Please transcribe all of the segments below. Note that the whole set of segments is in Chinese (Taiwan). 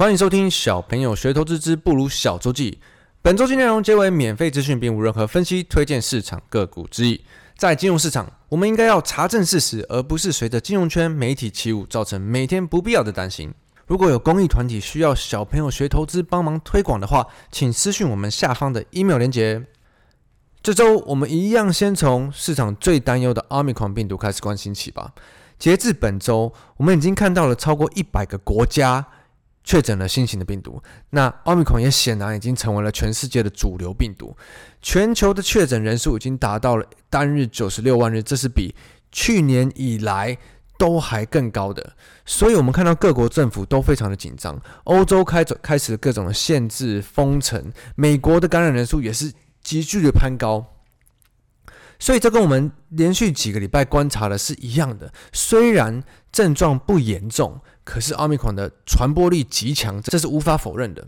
歡迎收聽《小朋友學投資之不魯小週記》。本週記內容皆為免費資訊，並無任何分析、推薦市場個股之意。在金融市場，我們應該要查證事實，而不是隨着金融圈媒體起舞，造成每天不必要的擔心。如果有公益團體需要小朋友學投資幫忙推廣的話，請私訊我們下方的 email 鏈接。這周我們一樣先從市場最擔憂的 Omicron 病毒開始關心起吧。截至本周，我們已經看到了超過一百個國家，確診了新型的病毒，那 Omicron 也顯然已經成為了全世界的主流病毒。全球的確診人數已經達到了單日九十六萬例，這是比去年以來都還更高的。所以，我們看到各國政府都非常的緊張，歐洲開走開始各種的限制封城，美國的感染人數也是急劇的攀高。所以這跟我們連續幾個禮拜觀察的是一樣的，雖然症狀不嚴重，可是奧密克戎的傳播力極強，這是無法否認的。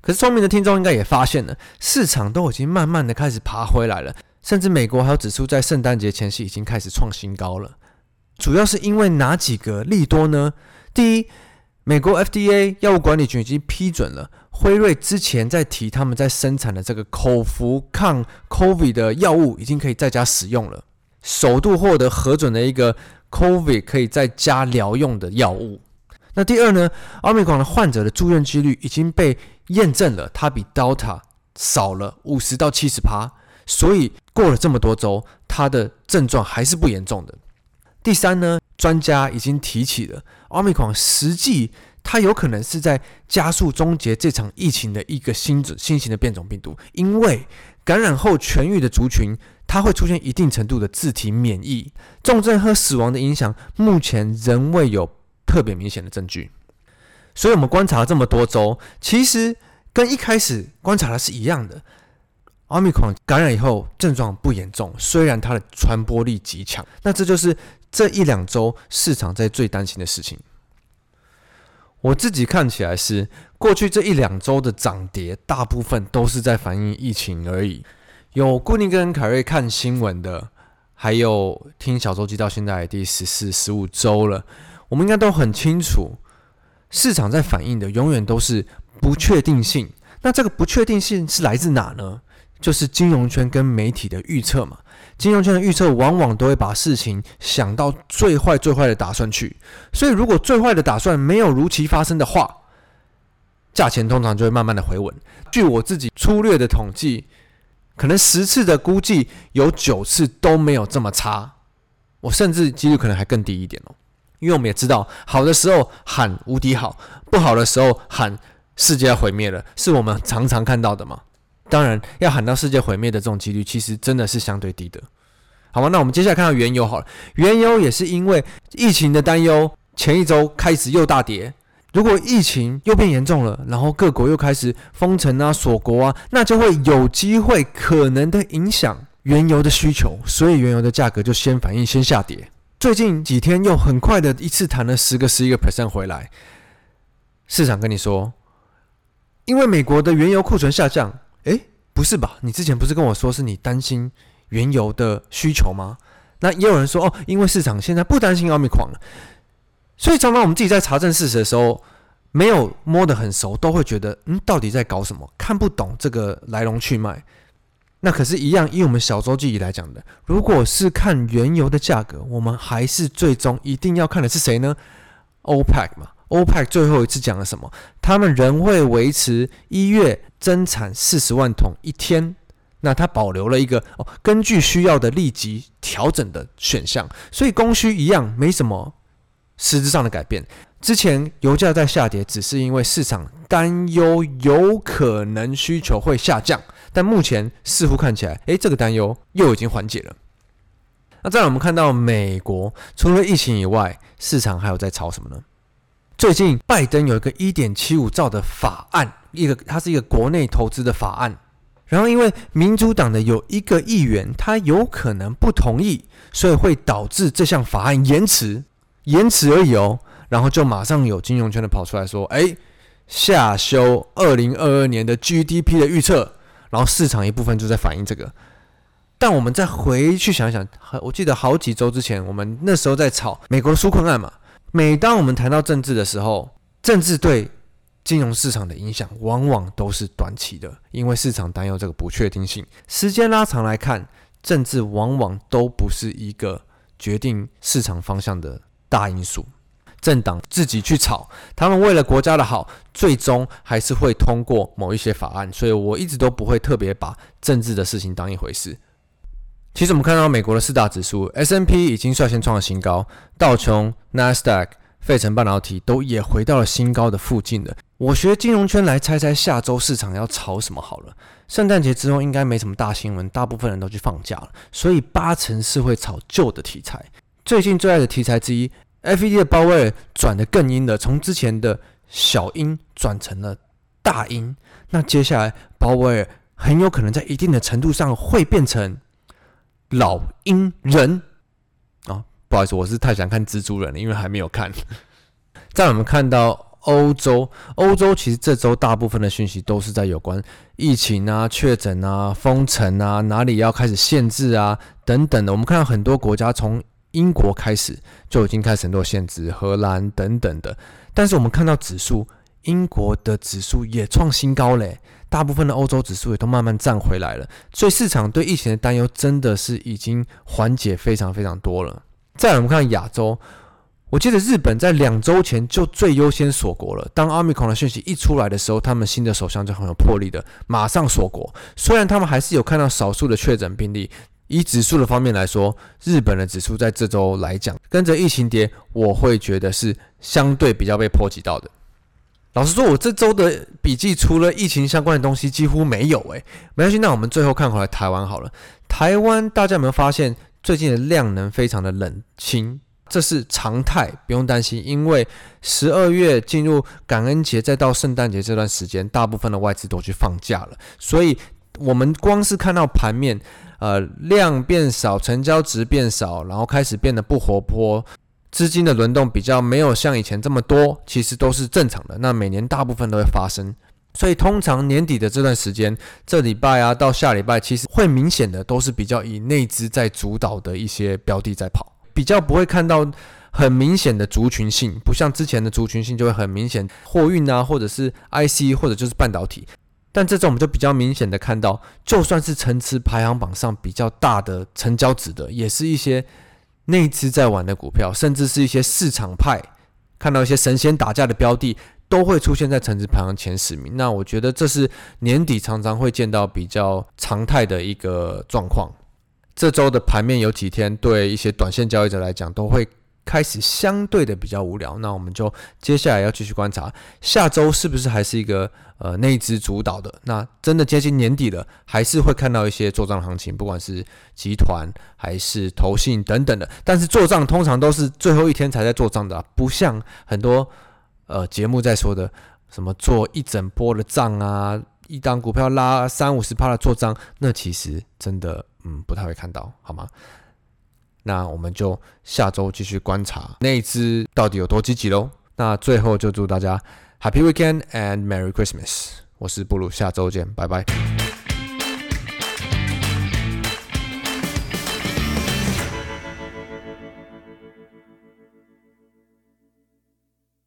可是聰明的聽眾應該也發現了，市場都已經慢慢的開始爬回來了，甚至美國還有指數在聖誕節前夕已經開始創新高了。主要是因為哪幾個利多呢？第一，美國 FDA 藥物管理局已經批准了。輝瑞之前在提，他們在生產的這個口服抗 COVID 的藥物已經可以在家使用了，首度獲得核准的一個 COVID 可以在家療用的藥物。那第二呢，奧密克戎的患者的住院幾率已經被驗證了，它比 Delta 少了五十到七十趴，所以過了這麼多周，它的症狀還是不嚴重的。第三呢，專家已經提起了，奧密克戎實際。它有可能是在加速終結這場疫情的一個新子新型的變種病毒，因為感染後痊癒的族群，它會出現一定程度的自體免疫，重症和死亡的影響目前仍未有特別明顯的證據。所以，我們觀察了這麼多周，其實跟一開始觀察的是一樣的。阿米況感染以後症狀不嚴重，雖然它的傳播力極強，那這就是這一兩周市場在最擔心的事情。我自己看起來是，過去這一兩周的漲跌，大部分都是在反映疫情而已。有固定跟凱瑞看新聞的，還有聽小週記到現在的第十四、十五周了，我們應該都很清楚，市場在反映的永遠都是不確定性。那這個不確定性是來自哪呢？就是金融圈跟媒體的預測嘛，金融圈的預測往往都會把事情想到最壞、最壞的打算去，所以如果最壞的打算沒有如期發生的話，價錢通常就會慢慢的回穩。據我自己粗略的統計，可能十次的估計有九次都沒有這麼差，我甚至幾率可能還更低一點哦，因為我們也知道，好的時候喊無敵好，不好的時候喊世界要毀滅了，是我們常常看到的嘛。當然，要喊到世界毀滅的這種幾率，其實真的是相對低的，好吧，那我們接下來看到原油好了，原油也是因為疫情的擔憂，前一周開始又大跌。如果疫情又變嚴重了，然後各國又開始封城啊、鎖國啊，那就會有機會可能的影響原油的需求，所以原油的價格就先反應先下跌。最近幾天又很快的一次彈了十個、十一個 percent 回來，市場跟你說，因為美國的原油庫存下降。不是吧？你之前不是跟我說是你擔心原油的需求嗎？那也有人說哦，因為市場現在不擔心奧米狂了，所以常常我們自己在查證事實的時候，沒有摸得很熟，都會覺得嗯，到底在搞什麼？看不懂這個來龍去脈。那可是，一樣，以我們小周記憶來講的，如果是看原油的價格，我們還是最終一定要看的是誰呢？OPEC 嘛。歐佩克最後一次講了什麼？他們仍會維持一月增產四十萬桶一天。那他保留了一個哦，根據需要的立即調整的選項。所以供需一樣，沒什麼實質上的改變。之前油價在下跌，只是因為市場擔憂有可能需求會下降，但目前似乎看起來，誒、欸，這個擔憂又已經緩解了。那再讓我們看到美國除了疫情以外，市場還有在炒什麼呢？最近拜登有一個一點七五兆的法案，一個它是一個國內投資的法案，然後因為民主黨的有一個議員他有可能不同意，所以會導致這項法案延遲，延遲而已哦。然後就馬上有金融圈的跑出來說：“哎，下修二零二二年的 GDP 的預測。”然後市場一部分就在反映這個。但我們再回去想一想，我記得好幾周之前，我們那時候在炒美國紓困案嘛。每當我們談到政治的時候，政治對金融市場的影響往往都是短期的，因為市場擔憂這個不確定性。時間拉長來看，政治往往都不是一個決定市場方向的大因素。政黨自己去炒，他們為了國家的好，最終還是會通過某一些法案，所以我一直都不會特別把政治的事情當一回事。其實我們看到美國的四大指數 S&P 已經率先創了新高，道瓊、納斯達克、費城半導體都也回到了新高的附近了。我學金融圈來猜猜下周市場要炒什麼好了。聖誕節之後應該沒什麼大新聞，大部分人都去放假了，所以八成是會炒舊的題材。最近最愛的題材之一，F E D 的鮑威爾轉的更鷹了，從之前的小鷹轉成了大鷹。那接下來鮑威爾很有可能在一定的程度上會變成。老鷹人啊、哦，不好意思，我是太想看蜘蛛人了，因為還沒有看。在我們看到歐洲，歐洲其實這周大部分的訊息都是在有關疫情啊、確診啊、封城啊、哪裡要開始限制啊等等的。我們看到很多國家從英國開始就已經開始很多限制，荷蘭等等的。但是我們看到指數。英國的指數也創新高嘞，大部分的歐洲指數也都慢慢站回來了，所以市場對疫情的擔憂真的是已經緩解非常非常多了。再來我們看亞洲，我記得日本在兩周前就最優先鎖國了。當阿米孔的訊息一出來的時候，他們新的首相就很有魄力的馬上鎖國。雖然他們還是有看到少數的確診病例，以指數的方面來說，日本的指數在這周來講跟着疫情跌，我會覺得是相對比較被波及到的。老實說，我這周的筆記除了疫情相關的東西幾乎沒有。誒，沒關係，那我們最後看回來台灣好了。台灣，大家有沒有發現最近的量能非常的冷清？這是常態，不用擔心。因為十二月進入感恩節，再到聖誕節這段時間，大部分的外資都去放假了。所以，我們光是看到盤面，呃，量變少，成交值變少，然後開始變得不活潑。資金的輪動比較沒有像以前這麼多，其實都是正常的。那每年大部分都會發生，所以通常年底的這段時間，這禮拜啊到下禮拜，其實會明顯的都是比較以內資在主導的一些標的在跑，比較不會看到很明顯的族群性，不像之前的族群性就會很明顯，貨運啊或者是 IC 或者就是半導體。但這種我們就比較明顯的看到，就算是層次排行榜上比較大的成交值的，也是一些。內資在玩的股票，甚至是一些市場派看到一些神仙打架的標的，都會出現在成值排行前十名。那我覺得這是年底常常會見到比較常態的一個狀況。這週的盤面有幾天，對一些短線交易者來講，都會。開始相對的比較無聊，那我們就接下來要繼續觀察，下周是不是還是一個呃內資主導的？那真的接近年底了，還是會看到一些做賬行情，不管是集團還是投信等等的。但是做賬通常都是最後一天才在做賬的，不像很多呃節目在說的什麼做一整波的賬啊，一檔股票拉三五十趴的做賬，那其實真的嗯不太會看到，好嗎？那我們就下週繼續觀察，那一支到底有多積極嘍。那最後就祝大家 Happy Weekend and Merry Christmas。我是不魯，下週見，拜拜。